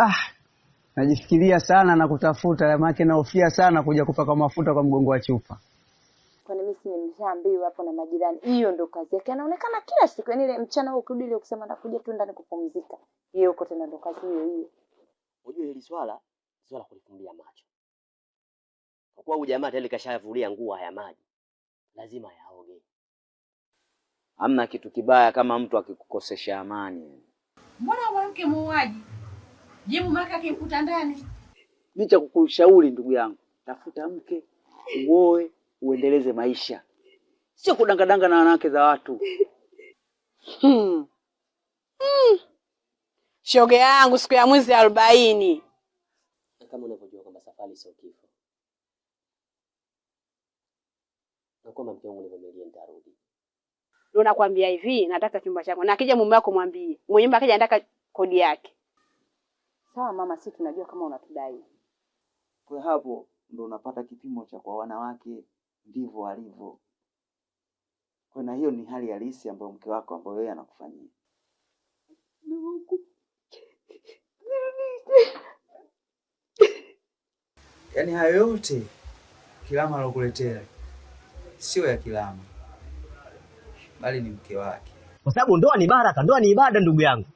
ah, najifikiria sana na kutafuta, maana naofia sana kuja kupaka mafuta kwa mgongo wa chupa. Kwani mimi si nimeshaambiwa hapo na majirani, hiyo ndio kazi yake. Anaonekana kila siku, yani ile mchana huo ukirudi ile kusema nakuja tu ndani kupumzika, yeye uko tena ndio kazi hiyo hiyo. Unajua hili swala swala kulifumbia macho, kwa kuwa huyu jamaa tayari kashavulia nguo haya maji, lazima yaoge. Hamna kitu kibaya kama mtu akikukosesha amani. Mbona mwanamke muuaji Jibu maka akimkuta ndani. Mimi cha kukushauri ndugu yangu, tafuta mke, uoe, uendeleze maisha, sio kudangadanga na wanawake za watu. Hmm. Hmm. Shoge yangu siku ya mwezi arobaini, kama unavyojua kwamba safari sio kifo, na mke wangu nivumilie, nitarudi. Ndio nakwambia hivi, nataka chumba chako, na akija mume wako mwambie, mwenye akija nataka kodi yake Sawa mama, si tunajua kama unatudai. Kwa hapo ndo unapata kipimo cha kwa wanawake ndivyo walivyo. Kwa na hiyo ni hali halisi ambayo mke wako ambayo yeye anakufanyia. Yaani hayo yote Kilama alokuletea sio ya Kilama, bali ni mke wake, kwa sababu ndoa ni baraka, ndoa ni ibada, ndugu yangu.